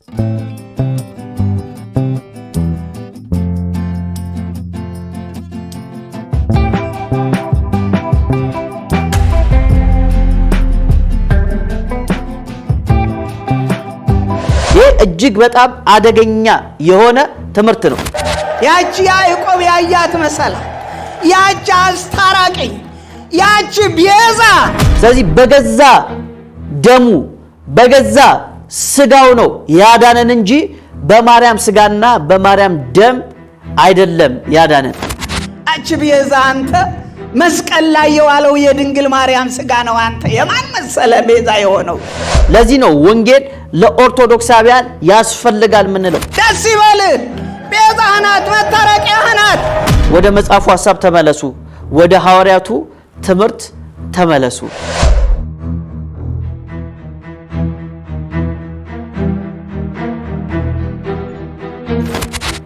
እጅግ በጣም አደገኛ የሆነ ትምህርት ነው። ያቺ ያዕቆብ ያያት መሰላ፣ ያቺ አስታራቂ፣ ያቺ ቤዛ። ስለዚህ በገዛ ደሙ በገዛ ስጋው ነው ያዳነን እንጂ በማርያም ስጋና በማርያም ደም አይደለም ያዳነን። አች ቤዛ አንተ መስቀል ላይ የዋለው የድንግል ማርያም ስጋ ነው። አንተ የማን መሰለ ቤዛ የሆነው? ለዚህ ነው ወንጌል ለኦርቶዶክሳውያን ያስፈልጋል ምንለው። ደስ ይበልህ፣ ቤዛ ናት፣ መታረቂያ ናት። ወደ መጽሐፉ ሀሳብ ተመለሱ። ወደ ሐዋርያቱ ትምህርት ተመለሱ።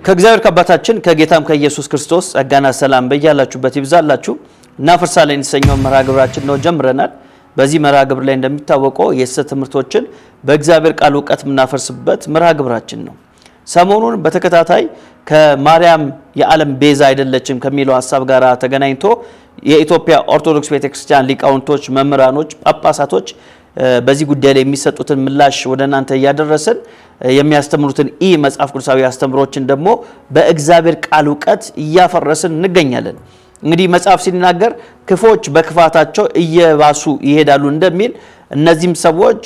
ከእግዚአብሔር ከአባታችን ከጌታም ከኢየሱስ ክርስቶስ ጸጋና ሰላም በያላችሁበት ይብዛላችሁ። እናፍርሳ ላይ የተሰኘውን መርሃ ግብራችን ነው ጀምረናል። በዚህ መርሃ ግብር ላይ እንደሚታወቀው የሐሰት ትምህርቶችን በእግዚአብሔር ቃል እውቀት የምናፈርስበት መርሃ ግብራችን ነው። ሰሞኑን በተከታታይ ከማርያም የዓለም ቤዛ አይደለችም ከሚለው ሀሳብ ጋር ተገናኝቶ የኢትዮጵያ ኦርቶዶክስ ቤተክርስቲያን ሊቃውንቶች፣ መምህራኖች፣ ጳጳሳቶች በዚህ ጉዳይ ላይ የሚሰጡትን ምላሽ ወደ እናንተ እያደረስን የሚያስተምሩትን ኢ መጽሐፍ ቅዱሳዊ አስተምሮችን ደግሞ በእግዚአብሔር ቃል እውቀት እያፈረስን እንገኛለን። እንግዲህ መጽሐፍ ሲናገር ክፎች በክፋታቸው እየባሱ ይሄዳሉ እንደሚል እነዚህም ሰዎች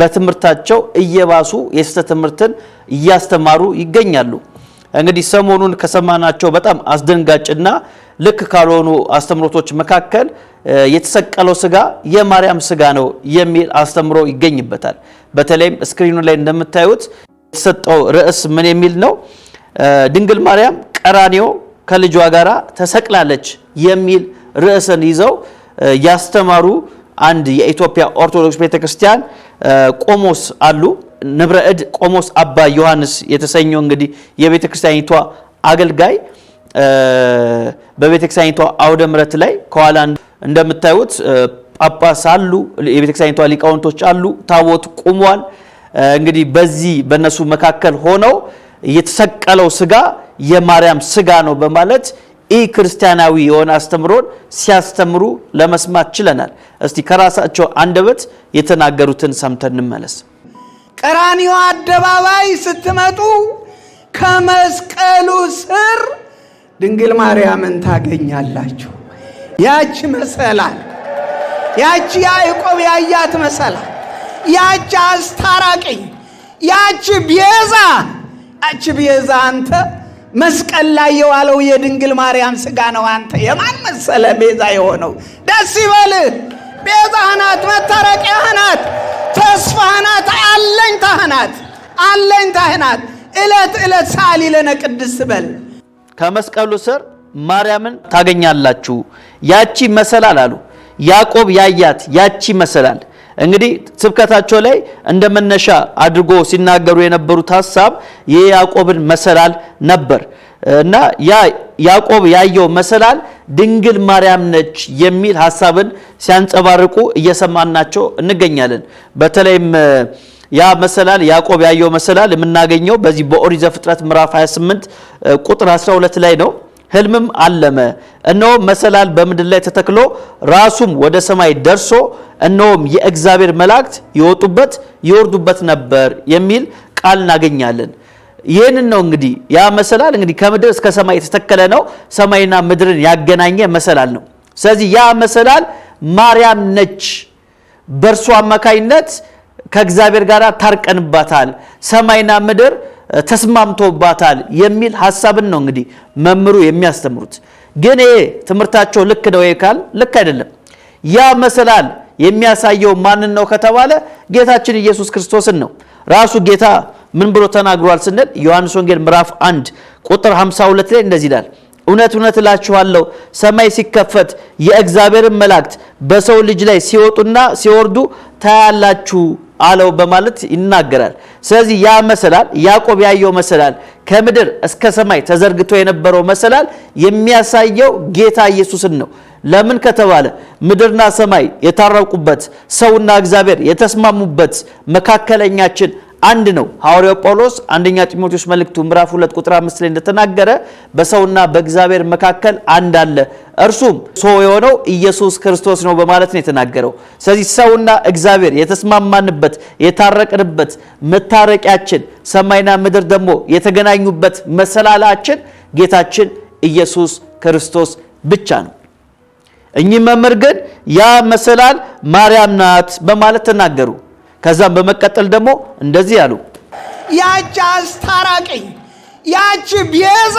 በትምህርታቸው እየባሱ የስህተት ትምህርትን እያስተማሩ ይገኛሉ። እንግዲህ ሰሞኑን ከሰማናቸው በጣም አስደንጋጭና ልክ ካልሆኑ አስተምሮቶች መካከል የተሰቀለው ስጋ የማርያም ስጋ ነው የሚል አስተምሮ ይገኝበታል። በተለይም ስክሪኑ ላይ እንደምታዩት የተሰጠው ርዕስ ምን የሚል ነው? ድንግል ማርያም ቀራንዮ ከልጇ ጋር ተሰቅላለች የሚል ርዕስን ይዘው ያስተማሩ አንድ የኢትዮጵያ ኦርቶዶክስ ቤተክርስቲያን ቆሞስ አሉ። ንብረ እድ ቆሞስ አባ ዮሐንስ የተሰኘው እንግዲህ የቤተክርስቲያኒቷ አገልጋይ በቤተክርስቲያኒቷ አውደ ምረት ላይ ከኋላ እንደምታዩት ጳጳስ አሉ፣ የቤተክርስቲያኒቷ ሊቃውንቶች አሉ፣ ታቦት ቁሟል። እንግዲህ በዚህ በእነሱ መካከል ሆነው የተሰቀለው ስጋ የማርያም ስጋ ነው በማለት ኢ ክርስቲያናዊ የሆነ አስተምሮን ሲያስተምሩ ለመስማት ችለናል። እስቲ ከራሳቸው አንደበት የተናገሩትን ሰምተን እንመለስ። ቀራንዮ አደባባይ ስትመጡ ከመስቀሉ ስር ድንግል ማርያምን ታገኛላችሁ። ያች መሰላል፣ ያች ያዕቆብ ያያት መሰላል፣ ያች አስታራቂ፣ ያች ቤዛ፣ ያች ቤዛ አንተ መስቀል ላይ የዋለው የድንግል ማርያም ስጋ ነው። አንተ የማን መሰለ ቤዛ የሆነው? ደስ ይበልህ። ቤዛ ናት፣ መታረቂያ ናት፣ ተስፋ ናት፣ አለኝታህ ናት፣ አለኝታህ ናት። ዕለት ዕለት ሳሊ ለነ ቅድስት በል ከመስቀሉ ስር ማርያምን ታገኛላችሁ። ያቺ መሰላል አሉ ያዕቆብ ያያት ያቺ መሰላል። እንግዲህ ስብከታቸው ላይ እንደ መነሻ አድርጎ ሲናገሩ የነበሩት ሀሳብ የያዕቆብን መሰላል ነበር እና ያ ያዕቆብ ያየው መሰላል ድንግል ማርያም ነች የሚል ሀሳብን ሲያንጸባርቁ እየሰማናቸው እንገኛለን። በተለይም ያ መሰላል ያዕቆብ ያየው መሰላል የምናገኘው በዚህ በኦሪት ዘፍጥረት ምዕራፍ 28 ቁጥር 12 ላይ ነው። ህልምም አለመ፣ እነሆ መሰላል በምድር ላይ ተተክሎ ራሱም ወደ ሰማይ ደርሶ እነሆም የእግዚአብሔር መላእክት ይወጡበት ይወርዱበት ነበር የሚል ቃል እናገኛለን። ይህንን ነው እንግዲህ ያ መሰላል እንግዲህ ከምድር እስከ ሰማይ የተተከለ ነው። ሰማይና ምድርን ያገናኘ መሰላል ነው። ስለዚህ ያ መሰላል ማርያም ነች። በእርሱ አማካኝነት ከእግዚአብሔር ጋር ታርቀንባታል፣ ሰማይና ምድር ተስማምቶባታል የሚል ሀሳብን ነው እንግዲህ መምሩ የሚያስተምሩት። ግን ይሄ ትምህርታቸው ልክ ነው ካል ልክ አይደለም። ያ መሰላል የሚያሳየው ማንን ነው ከተባለ ጌታችን ኢየሱስ ክርስቶስን ነው። ራሱ ጌታ ምን ብሎ ተናግሯል ስንል ዮሐንስ ወንጌል ምዕራፍ 1 ቁጥር 52 ላይ እንደዚህ ይላል፣ እውነት እውነት እላችኋለሁ ሰማይ ሲከፈት የእግዚአብሔርን መላእክት በሰው ልጅ ላይ ሲወጡና ሲወርዱ ታያላችሁ አለው በማለት ይናገራል። ስለዚህ ያ መሰላል ያዕቆብ ያየው መሰላል ከምድር እስከ ሰማይ ተዘርግቶ የነበረው መሰላል የሚያሳየው ጌታ ኢየሱስን ነው። ለምን ከተባለ ምድርና ሰማይ የታረቁበት፣ ሰውና እግዚአብሔር የተስማሙበት መካከለኛችን አንድ ነው። ሐዋርያው ጳውሎስ አንደኛ ጢሞቴዎስ መልእክቱ ምዕራፍ 2 ቁጥር 5 ላይ እንደተናገረ በሰውና በእግዚአብሔር መካከል አንድ አለ፣ እርሱም ሰው የሆነው ኢየሱስ ክርስቶስ ነው በማለት ነው የተናገረው። ስለዚህ ሰውና እግዚአብሔር የተስማማንበት የታረቅንበት መታረቂያችን፣ ሰማይና ምድር ደግሞ የተገናኙበት መሰላላችን ጌታችን ኢየሱስ ክርስቶስ ብቻ ነው። እኚህ መምህር ግን ያ መሰላል ማርያም ናት በማለት ተናገሩ። ከዛም በመቀጠል ደግሞ እንደዚህ አሉ፣ ያች አስታራቂ ያች ቤዛ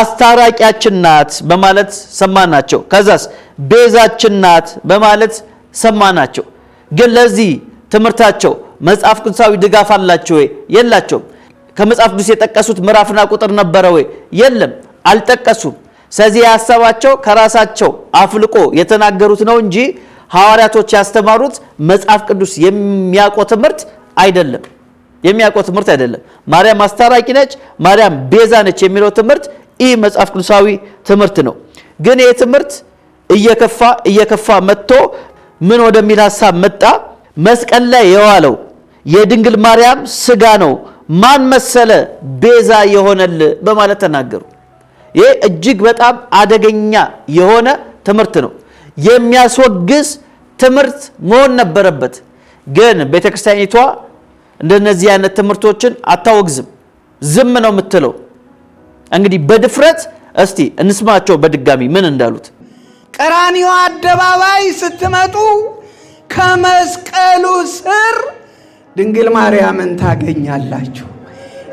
አስታራቂያችን ናት በማለት ሰማናቸው። ከዛስ ቤዛችን ናት በማለት ሰማናቸው። ግን ለዚህ ትምህርታቸው መጽሐፍ ቅዱሳዊ ድጋፍ አላቸው ወይ? የላቸውም። ከመጽሐፍ ቅዱስ የጠቀሱት ምዕራፍና ቁጥር ነበረ ወይ? የለም፣ አልጠቀሱም። ስለዚህ ያሰባቸው ከራሳቸው አፍልቆ የተናገሩት ነው እንጂ ሐዋርያቶች ያስተማሩት መጽሐፍ ቅዱስ የሚያውቀው ትምህርት አይደለም። የሚያውቀው ትምህርት አይደለም። ማርያም አስታራቂ ነች፣ ማርያም ቤዛ ነች የሚለው ትምህርት ይህ መጽሐፍ ቅዱሳዊ ትምህርት ነው። ግን ይህ ትምህርት እየከፋ እየከፋ መጥቶ ምን ወደሚል ሀሳብ መጣ? መስቀል ላይ የዋለው የድንግል ማርያም ስጋ ነው ማን መሰለ ቤዛ የሆነል በማለት ተናገሩ። ይህ እጅግ በጣም አደገኛ የሆነ ትምህርት ነው። የሚያስወግዝ ትምህርት መሆን ነበረበት። ግን ቤተ ክርስቲያኒቷ እንደነዚህ አይነት ትምህርቶችን አታወግዝም፣ ዝም ነው የምትለው። እንግዲህ በድፍረት እስቲ እንስማቸው በድጋሚ ምን እንዳሉት። ቀራኒዮ አደባባይ ስትመጡ ከመስቀሉ ስር ድንግል ማርያምን ታገኛላችሁ።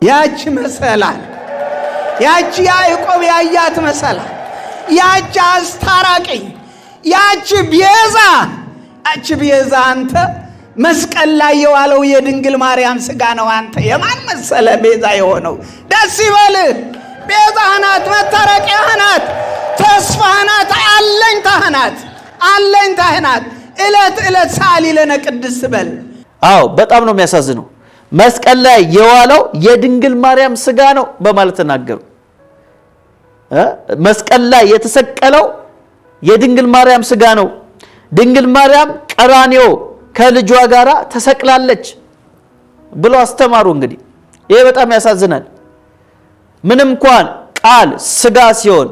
ያቺ መሰላል፣ ያቺ ያዕቆብ ያያት መሰላል፣ ያቺ አስታራቂ ያቺ ቤዛ ያች ቤዛ አንተ መስቀል ላይ የዋለው የድንግል ማርያም ስጋ ነው። አንተ የማን መሰለ ቤዛ የሆነው? ደስ ይበልህ። ቤዛ ናት፣ መታረቂያ ናት፣ ተስፋ ናት፣ አለኝታህ ናት፣ አለኝታህ ናት። እለት እለት ሳሊ ለነ ቅድስት በል። አዎ በጣም ነው የሚያሳዝነው። መስቀል ላይ የዋለው የድንግል ማርያም ስጋ ነው በማለት ተናገሩ። መስቀል ላይ የተሰቀለው የድንግል ማርያም ስጋ ነው። ድንግል ማርያም ቀራኔዮ ከልጇ ጋራ ተሰቅላለች ብሎ አስተማሩ። እንግዲህ ይሄ በጣም ያሳዝናል። ምንም እንኳን ቃል ስጋ ሲሆን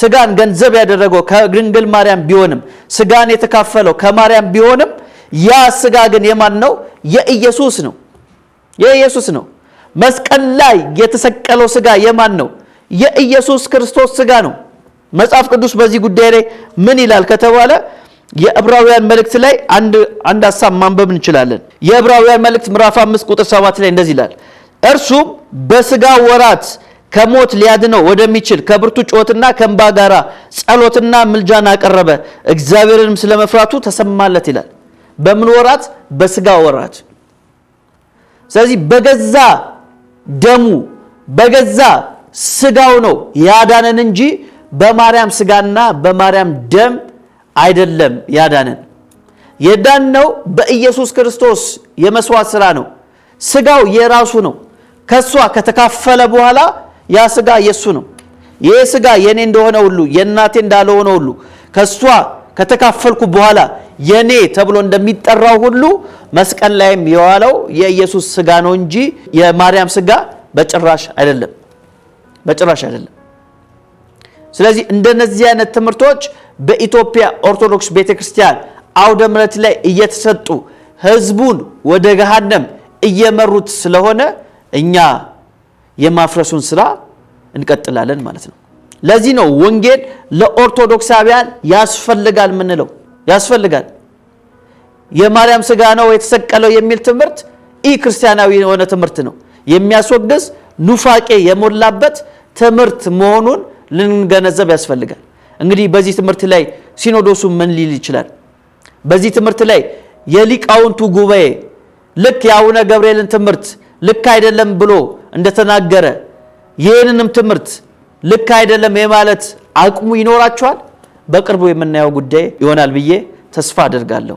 ስጋን ገንዘብ ያደረገው ከድንግል ማርያም ቢሆንም ስጋን የተካፈለው ከማርያም ቢሆንም ያ ስጋ ግን የማን ነው? የኢየሱስ ነው። የኢየሱስ ነው። መስቀል ላይ የተሰቀለው ስጋ የማን ነው? የኢየሱስ ክርስቶስ ስጋ ነው። መጽሐፍ ቅዱስ በዚህ ጉዳይ ላይ ምን ይላል ከተባለ የዕብራውያን መልእክት ላይ አንድ ሀሳብ ማንበብ እንችላለን። የዕብራውያን መልእክት ምዕራፍ አምስት ቁጥር ሰባት ላይ እንደዚህ ይላል እርሱም በስጋ ወራት ከሞት ሊያድነው ወደሚችል ከብርቱ ጩኸትና ከእንባ ጋራ ጸሎትና ምልጃን አቀረበ፣ እግዚአብሔርንም ስለመፍራቱ ተሰማለት ይላል። በምን ወራት? በስጋ ወራት። ስለዚህ በገዛ ደሙ በገዛ ስጋው ነው ያዳነን እንጂ በማርያም ስጋና በማርያም ደም አይደለም ያዳነን። የዳነው በኢየሱስ ክርስቶስ የመስዋዕት ስራ ነው። ስጋው የራሱ ነው። ከሷ ከተካፈለ በኋላ ያ ስጋ የሱ ነው። ይህ ስጋ የኔ እንደሆነ ሁሉ የእናቴ እንዳልሆነ ሁሉ ከሷ ከተካፈልኩ በኋላ የኔ ተብሎ እንደሚጠራው ሁሉ መስቀል ላይም የዋለው የኢየሱስ ስጋ ነው እንጂ የማርያም ስጋ በጭራሽ አይደለም፣ በጭራሽ አይደለም። ስለዚህ እንደነዚህ አይነት ትምህርቶች በኢትዮጵያ ኦርቶዶክስ ቤተክርስቲያን አውደ ምረት ላይ እየተሰጡ ህዝቡን ወደ ገሃነም እየመሩት ስለሆነ እኛ የማፍረሱን ስራ እንቀጥላለን ማለት ነው። ለዚህ ነው ወንጌል ለኦርቶዶክሳውያን ያስፈልጋል ምንለው ያስፈልጋል። የማርያም ስጋ ነው የተሰቀለው የሚል ትምህርት ኢ ክርስቲያናዊ የሆነ ትምህርት ነው የሚያስወግዝ ኑፋቄ የሞላበት ትምህርት መሆኑን ልንገነዘብ ያስፈልጋል። እንግዲህ በዚህ ትምህርት ላይ ሲኖዶሱ ምን ሊል ይችላል? በዚህ ትምህርት ላይ የሊቃውንቱ ጉባኤ ልክ የአቡነ ገብርኤልን ትምህርት ልክ አይደለም ብሎ እንደተናገረ ይህንንም ትምህርት ልክ አይደለም የማለት አቅሙ ይኖራቸዋል? በቅርቡ የምናየው ጉዳይ ይሆናል ብዬ ተስፋ አድርጋለሁ።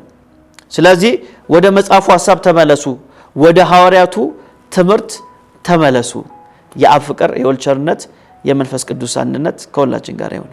ስለዚህ ወደ መጽሐፉ ሀሳብ ተመለሱ፣ ወደ ሐዋርያቱ ትምህርት ተመለሱ። የአብ ፍቅር የወልድ ቸርነት የመንፈስ ቅዱስ አንድነት ከሁላችን ጋር ይሁን።